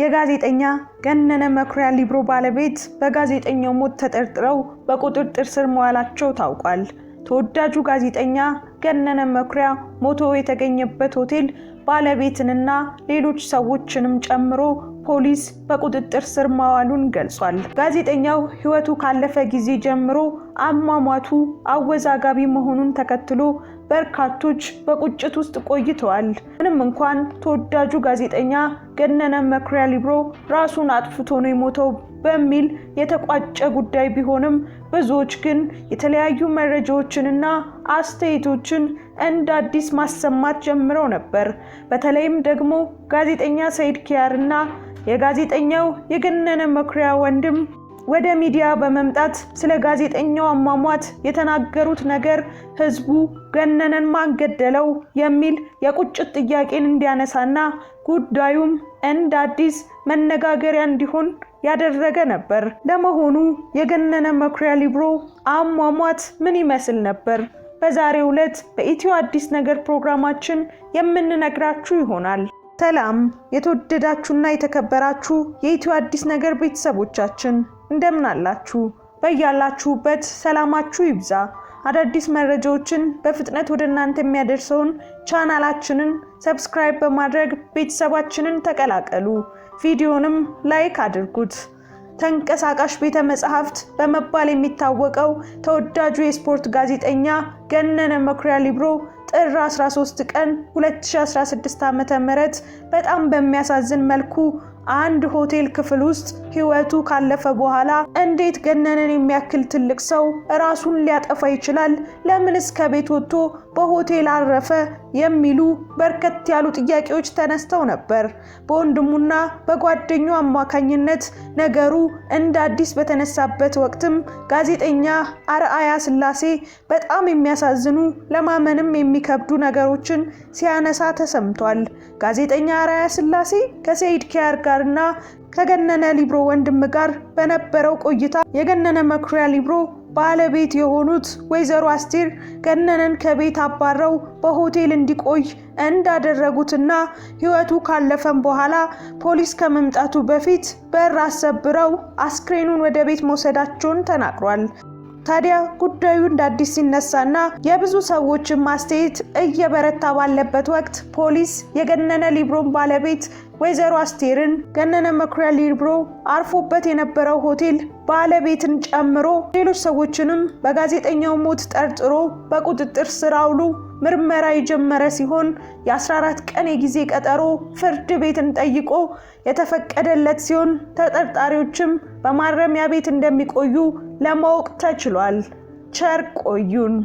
የጋዜጠኛ ገነነ መኩሪያ ሊብሮ ባለቤት በጋዜጠኛው ሞት ተጠርጥረው በቁጥጥር ስር መዋላቸው ታውቋል። ተወዳጁ ጋዜጠኛ ገነነ መኩሪያ ሞቶ የተገኘበት ሆቴል ባለቤትንና ሌሎች ሰዎችንም ጨምሮ ፖሊስ በቁጥጥር ስር ማዋሉን ገልጿል። ጋዜጠኛው ሕይወቱ ካለፈ ጊዜ ጀምሮ አሟሟቱ አወዛጋቢ መሆኑን ተከትሎ በርካቶች በቁጭት ውስጥ ቆይተዋል። ምንም እንኳን ተወዳጁ ጋዜጠኛ ገነነ መኩሪያ ሊብሮ ራሱን አጥፍቶ ነው የሞተው በሚል የተቋጨ ጉዳይ ቢሆንም ብዙዎች ግን የተለያዩ መረጃዎችንና አስተያየቶችን እንደ አዲስ ማሰማት ጀምረው ነበር። በተለይም ደግሞ ጋዜጠኛ ሰይድ ኪያር እና የጋዜጠኛው የገነነ መኩሪያ ወንድም ወደ ሚዲያ በመምጣት ስለ ጋዜጠኛው አሟሟት የተናገሩት ነገር ህዝቡ ገነነን ማን ገደለው የሚል የቁጭት ጥያቄን እንዲያነሳና ጉዳዩም እንደ አዲስ መነጋገሪያ እንዲሆን ያደረገ ነበር። ለመሆኑ የገነነ መኩሪያ ሊብሮ አሟሟት ምን ይመስል ነበር? በዛሬው ዕለት በኢትዮ አዲስ ነገር ፕሮግራማችን የምንነግራችሁ ይሆናል። ሰላም የተወደዳችሁና የተከበራችሁ የኢትዮ አዲስ ነገር ቤተሰቦቻችን እንደምን አላችሁ? በያላችሁበት ሰላማችሁ ይብዛ። አዳዲስ መረጃዎችን በፍጥነት ወደ እናንተ የሚያደርሰውን ቻናላችንን ሰብስክራይብ በማድረግ ቤተሰባችንን ተቀላቀሉ። ቪዲዮንም ላይክ አድርጉት። ተንቀሳቃሽ ቤተ መጽሐፍት በመባል የሚታወቀው ተወዳጁ የስፖርት ጋዜጠኛ ገነነ መኩሪያ ሊብሮ ጥር 13 ቀን 2016 ም በጣም በሚያሳዝን መልኩ አንድ ሆቴል ክፍል ውስጥ ህይወቱ ካለፈ በኋላ እንዴት ገነነን የሚያክል ትልቅ ሰው ራሱን ሊያጠፋ ይችላል? ለምንስ ከቤት ወጥቶ በሆቴል አረፈ? የሚሉ በርከት ያሉ ጥያቄዎች ተነስተው ነበር። በወንድሙና በጓደኛው አማካኝነት ነገሩ እንደ አዲስ በተነሳበት ወቅትም ጋዜጠኛ አርአያ ስላሴ በጣም የሚያሳዝኑ ለማመንም የሚከብዱ ነገሮችን ሲያነሳ ተሰምቷል። ጋዜጠኛ አርአያ ስላሴ ከሰይድ ኪያር ጋር ጋርና ከገነነ ሊብሮ ወንድም ጋር በነበረው ቆይታ የገነነ መኩሪያ ሊብሮ ባለቤት የሆኑት ወይዘሮ አስቴር ገነነን ከቤት አባረው በሆቴል እንዲቆይ እንዳደረጉትና ሕይወቱ ካለፈም በኋላ ፖሊስ ከመምጣቱ በፊት በር አሰብረው አስክሬኑን ወደ ቤት መውሰዳቸውን ተናግሯል። ታዲያ ጉዳዩ እንደ አዲስ ሲነሳና የብዙ ሰዎችን ማስተያየት እየበረታ ባለበት ወቅት ፖሊስ የገነነ ሊብሮን ባለቤት ወይዘሮ አስቴርን ገነነ መኩሪያ ሊብሮ አርፎበት የነበረው ሆቴል ባለቤትን ጨምሮ ሌሎች ሰዎችንም በጋዜጠኛው ሞት ጠርጥሮ በቁጥጥር ስር አውሎ ምርመራ የጀመረ ሲሆን የ14 ቀን የጊዜ ቀጠሮ ፍርድ ቤትን ጠይቆ የተፈቀደለት ሲሆን ተጠርጣሪዎችም በማረሚያ ቤት እንደሚቆዩ ለማወቅ ተችሏል። ቸር ቆዩን።